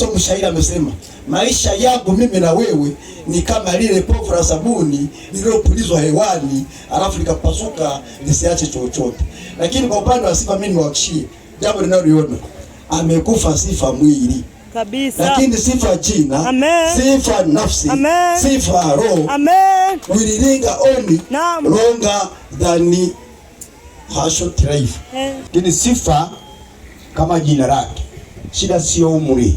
sababu mshairi amesema, maisha yangu mimi na wewe ni kama lile povu la sabuni lililopulizwa hewani alafu likapasuka lisiache chochote. Lakini kwa upande wa sifa, mimi niwakishie jambo linaloiona, amekufa sifa mwili kabisa, lakini sifa jina Amen. sifa nafsi Amen. sifa roho Amen. wililinga oni Naam. longa dhani hasho eh. lakini sifa kama jina lake, shida sio umri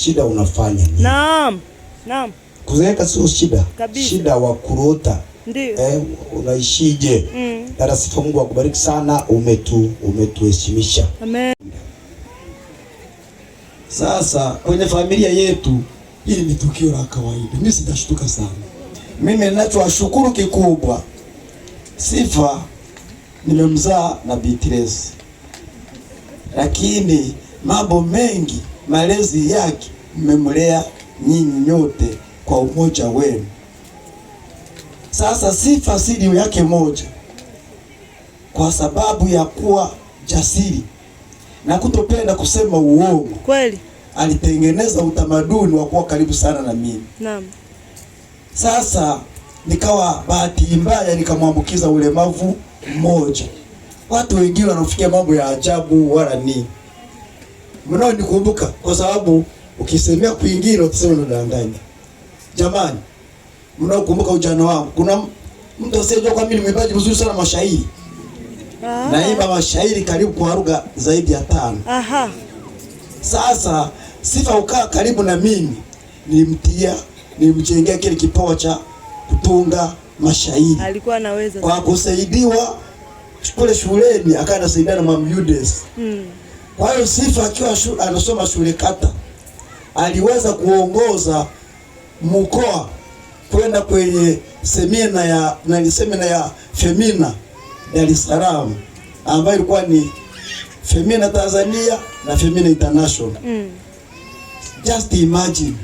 shida unafanya nini? Naam. Naam. Kuzeeka sio shida kabisa. Shida wa kurota ndio. Eh, unaishije? Mm. Dada Sifa, Mungu akubariki sana, umetu umetuheshimisha. Amen. Sasa kwenye familia yetu hili ni tukio la kawaida, mimi sitashtuka sana. Mimi ninachowashukuru kikubwa, Sifa nimemzaa na Beatrice, lakini mambo mengi malezi yake mmemlea nyinyi nyote kwa umoja wenu. Sasa sifa siri yake moja, kwa sababu ya kuwa jasiri na kutopenda kusema uongo kweli, alitengeneza utamaduni wa kuwa karibu sana na mimi. Naam. Sasa nikawa bahati mbaya nikamwambukiza ulemavu mmoja. Watu wengine wanafikia mambo ya ajabu wala nini mnao nikumbuka, kwa sababu ukisemea kuingia utasema unadanganya. Jamani, mnao kumbuka ujana wangu, kuna mtu asiyejua kwamba mimi mwimbaji mzuri sana mashairi ah. naimba mashairi karibu kwa lugha zaidi ya tano. Aha. Sasa Sifa ukaa karibu na mimi, nilimtia nilimjengea kile kipawa cha kutunga mashairi. Alikuwa anaweza kwa kusaidiwa kule shuleni, akawa anasaidiana na Mama Yudes. Mm. Kwa hiyo Sifa akiwa shule, anasoma shule kata, aliweza kuongoza mkoa kwenda kwenye semina ya na semina ya Femina Dar es Salaam ambayo ilikuwa ni Femina Tanzania na Femina International. Mm. Just imagine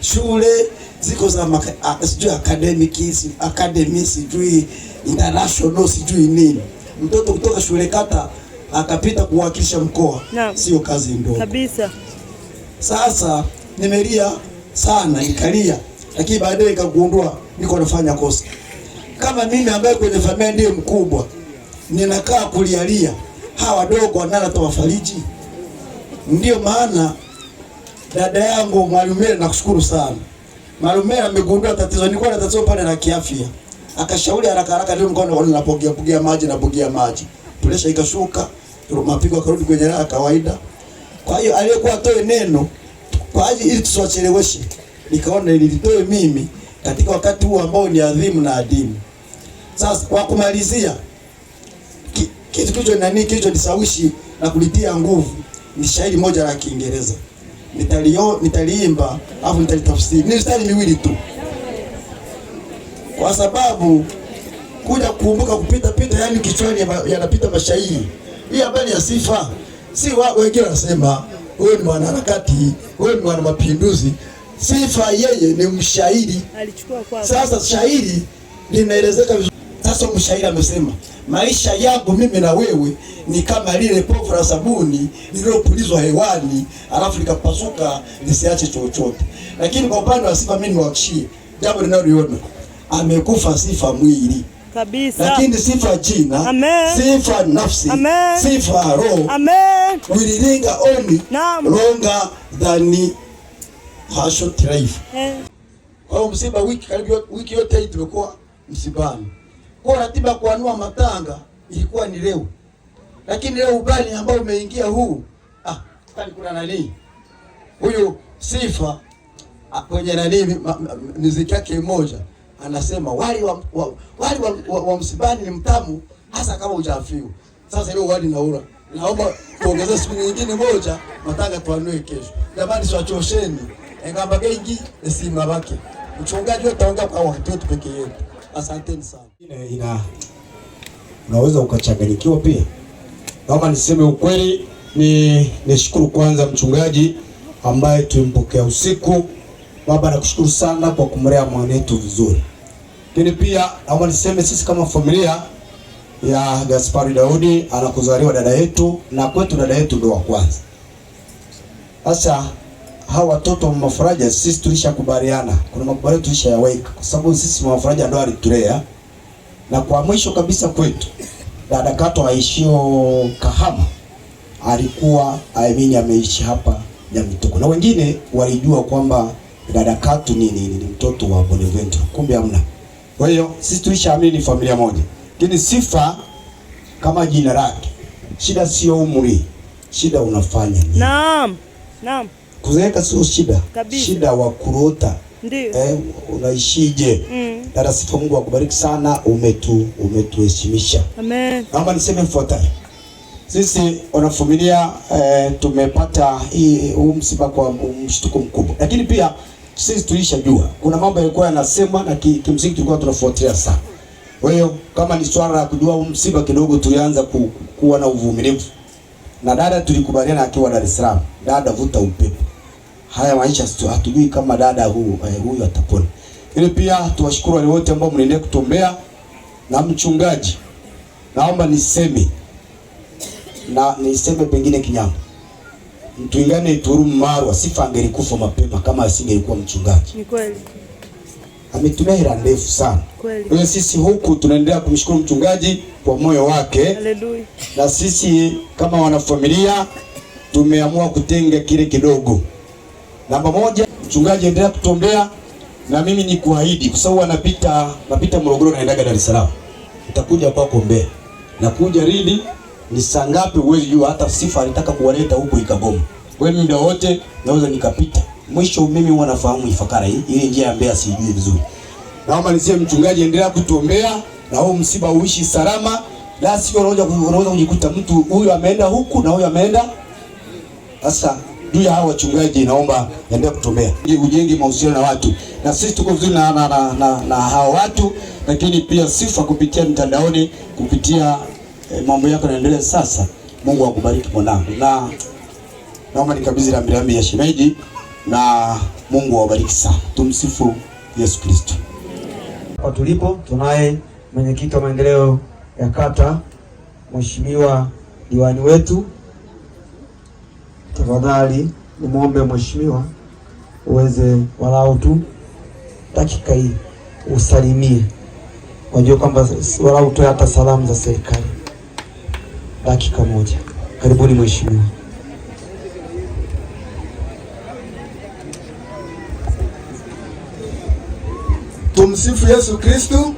shule ziko za sijui academic academy sijui international sijui nini, mtoto kutoka shule kata akapita kuwakilisha mkoa Sio kazi ndogo kabisa. Sasa nimelia sana ikalia lakini baadaye ikagundua niko nafanya kosa. Kama mimi ambaye kwenye familia ndiye mkubwa ninakaa kulialia, hawa wadogo wanala tawafariji. Ndio maana dada yangu Mwalimu Mera, nakushukuru sana Mwalimu Mera, amegundua tatizo. Nilikuwa na tatizo pale la kiafya, akashauri haraka haraka, ndio nilikuwa unapogea pogea maji na pogea maji, presha ikashuka mapigo akarudi kwenye raha kawaida. Kwa hiyo aliyokuwa atoe neno kwa ajili ili tusiwacheleweshe, nikaona nilitoe mimi katika wakati huu ambao ni adhimu na adimu. Sasa kwa kumalizia, kitu kilicho nani kilicho nisawishi na kulitia nguvu ni shairi moja la Kiingereza. Nitalio nitaliimba afu nitalitafsiri. Ni mistari miwili tu. Kwa sababu kuja kukumbuka kupita pita, yani kichwani yanapita mashairi hii habari ya sifa si wengine wanasema wewe ni mwanaharakati, wewe ni mwana mapinduzi. Sifa yeye ni mshairi. Sasa shairi linaelezeka vizuri. Sasa mshairi amesema maisha yangu mimi na wewe ni kama lile povu la sabuni lililopulizwa hewani alafu likapasuka lisiache chochote. Lakini kwa upande wa sifa, mimi niwakishie jambo linaloiona, amekufa sifa mwili kabisa, lakini sifa jina Amen. sifa nafsi Amen. sifa roho wililinga oni longa dhani hasho tiraifu eh. Kwa hiyo msiba wiki karibu wiki yote hii tumekuwa msibani, kwa ratiba kuanua matanga ilikuwa ni leo, lakini leo ubani ambao umeingia huu ah, kuna nani huyu sifa kwenye ah, nani miziki yake moja anasema wali wa, wa, wali wa, wa, wa msibani ni mtamu hasa kama ujafiu. Sasa leo wali naura, naomba tuongeze siku nyingine moja, nataka tuanue kesho. Jamani, siwachosheni engamba gengi esima bake mchungaji utaongea kwa wakati wetu peke yetu. Asanteni sana. Ina unaweza ukachanganyikiwa pia, Kama niseme ukweli. Ni nishukuru kwanza mchungaji ambaye tumpokea usiku. Baba, nakushukuru sana kwa kumlea mwanetu vizuri. Lakini pia naomba niseme sisi kama familia ya Gaspari Daudi anakuzaliwa dada yetu, na kwetu dada yetu ndio wa kwanza. Sasa hawa watoto wa Mafaraja sisi tulishakubaliana, kuna makubaliano tulishayaweka, kwa sababu sisi Mafaraja ndio alitulea, na kwa mwisho kabisa kwetu dada Kato aishio Kahama alikuwa aamini ameishi hapa Nyamitoko, na wengine walijua kwamba dada Kato ni, ni, ni mtoto wa Bonaventura, kumbe hamna. Kwa hiyo sisi tuishaamini familia moja, lakini sifa kama jina lake, shida sio umri, shida unafanya nini? Naam, naam, kuzeeka sio shida kabisa. Shida wa kurota eh, unaishije? mm. Dada Sifa, Mungu akubariki sana, umetu umetuheshimisha. Amen. Naomba niseme mfuatayo sisi wanafamilia eh, tumepata hii huu msiba kwa mshtuko mkubwa, lakini pia sisi tulishajua kuna mambo yalikuwa yanasemwa na ki, kimsingi tulikuwa tunafuatilia sana. Kwa hiyo kama ni swala la kujua msiba kidogo, tulianza ku, kuwa na uvumilivu na dada tulikubaliana akiwa Dar es Salaam, dada vuta upepo, haya maisha hatujui kama dada huyu eh, huyu atapona. Ili pia tuwashukuru wale wote ambao mnaendelea kutombea na mchungaji, naomba niseme na niseme pengine kinyama Mtwingane Ituru Marwa Sifa angelikufa mapema kama asingelikuwa mchungaji. Ni kweli. Ametumia hela ndefu sana. Kwa sisi huku tunaendelea kumshukuru mchungaji kwa moyo wake. Haleluya. Na sisi kama wanafamilia tumeamua kutenga kile kidogo. Namba moja, mchungaji endelea kutombea na mimi ni kuahidi kwa sababu anapita napita Morogoro naendaga Dar es Salaam. Nitakuja hapa kuombea. Nakuja lini? Ni saa ngapi huwezi jua, hata sifa alitaka kuwaleta huko ikagoma. Kwa hiyo muda wote naweza nikapita. Mwisho mimi huwa nafahamu Ifakara hii, ile njia ya Mbeya sijui vizuri. Naomba nisie mchungaji, endelea kutuombea na huu msiba uishi salama. La sio unaweza unaweza kujikuta mtu huyu ameenda huku na huyu ameenda. Sasa juu ya hao wachungaji naomba endelea kutuombea. Ujenge mahusiano na watu. Na sisi tuko vizuri na na, na, na, na hao watu, lakini pia sifa kupitia mtandaoni kupitia e, mambo yako yanaendelea sasa. Mungu akubariki mwanangu, na naomba nikabidhi rambirambi ya shemeji, na Mungu awabariki sana. Tumsifu Yesu Kristo. Hapa tulipo tunaye mwenyekiti wa maendeleo ya kata, mheshimiwa diwani wetu. Tafadhali nimwombe mheshimiwa uweze walau tu dakika hii usalimie, wajua kwamba walau tu hata salamu za serikali dakika moja. Karibuni mheshimiwa. Tumsifu Yesu Kristu.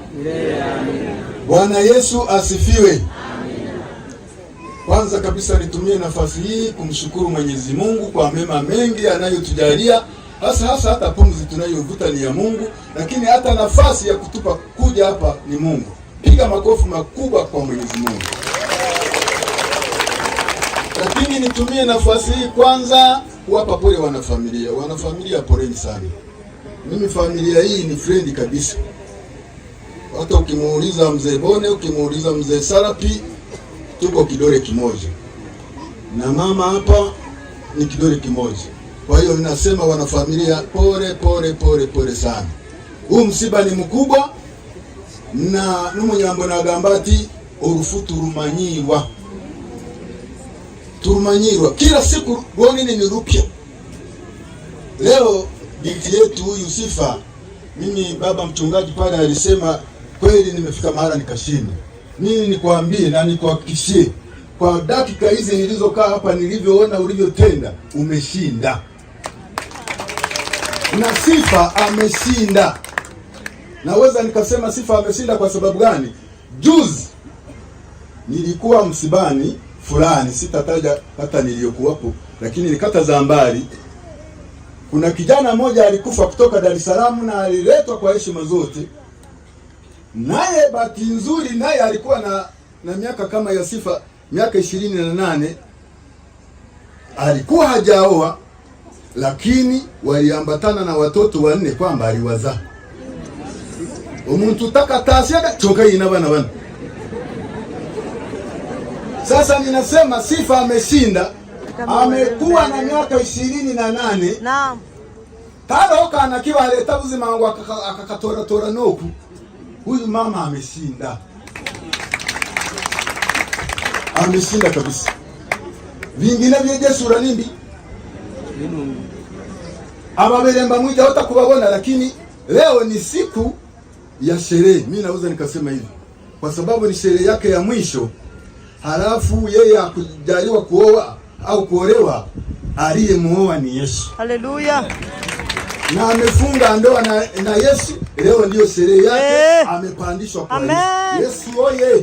Bwana Yesu asifiwe. Kwanza kabisa nitumie nafasi hii kumshukuru Mwenyezi Mungu kwa mema mengi anayotujalia hasa hasa hata pumzi tunayovuta ni ya Mungu, lakini hata nafasi ya kutupa kuja hapa ni Mungu. Piga makofi makubwa kwa Mwenyezi Mungu lakini nitumie nafasi hii kwanza kuwapa pole wanafamilia. Wanafamilia poleni sana, mimi familia hii ni frendi kabisa. Hata ukimuuliza mzee Bone, ukimuuliza mzee Sarapi, tuko kidole kimoja, na mama hapa ni kidole kimoja. Kwa hiyo ninasema wanafamilia, pole pole pole pole sana. Huu msiba ni mkubwa na numunyambo na gambati urufutu manyiwa tumanyirwa kila siku rwoni ni rupya. Leo binti yetu huyu Sifa, mimi baba mchungaji pale alisema kweli, nimefika mahala nikashinda. Nini nikwambie na nikuhakikishie kwa dakika hizi nilizokaa hapa, nilivyoona ulivyotenda, umeshinda na Sifa ameshinda. Naweza nikasema Sifa ameshinda kwa sababu gani? Juzi nilikuwa msibani fulani, sitataja hata niliyokuwapo, lakini ni kata za mbali. Kuna kijana mmoja alikufa kutoka Dar es Salaam na aliletwa kwa heshima zote, naye bahati nzuri, naye alikuwa na na miaka kama ya sifa miaka ishirini na nane alikuwa hajaoa, lakini waliambatana na watoto wanne kwamba aliwazaa omuntu utakatasiaga choka yina bana bana sasa ninasema Sifa ameshinda, amekuwa na miaka ishirini na nane karookana anakiwa aleta buzima wangu tora noku. Huyu mama ameshinda, ameshinda kabisa. Vingine vyejesura nimbi ababeremba mwija hota kubabona, lakini leo ni siku ya sherehe. Mimi naweza nikasema hivi kwa sababu ni sherehe yake ya mwisho halafu yeye akujaliwa kuoa au kuolewa, aliyemuoa ni Yesu. Haleluya! na amefunga ndoa na, na Yesu. Leo ndiyo sherehe yake hey. Eh. Amepandishwa kwa Amen. Yesu oye, oye.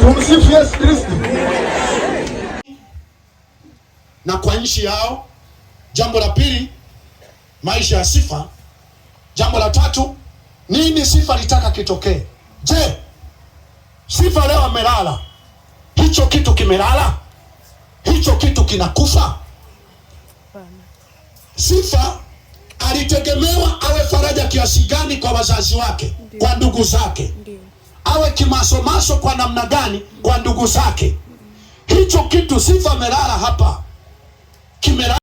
Tumsifu Yesu Kristo kwa nchi yao. Jambo la pili, maisha ya sifa. Jambo la tatu, nini sifa litaka kitokee? Je, sifa leo amelala, hicho kitu kimelala, hicho kitu kinakufa? Sifa alitegemewa awe faraja kiasi gani kwa wazazi wake, kwa ndugu zake, awe kimasomaso kwa namna gani kwa ndugu zake? Hicho kitu sifa amelala hapa Kimera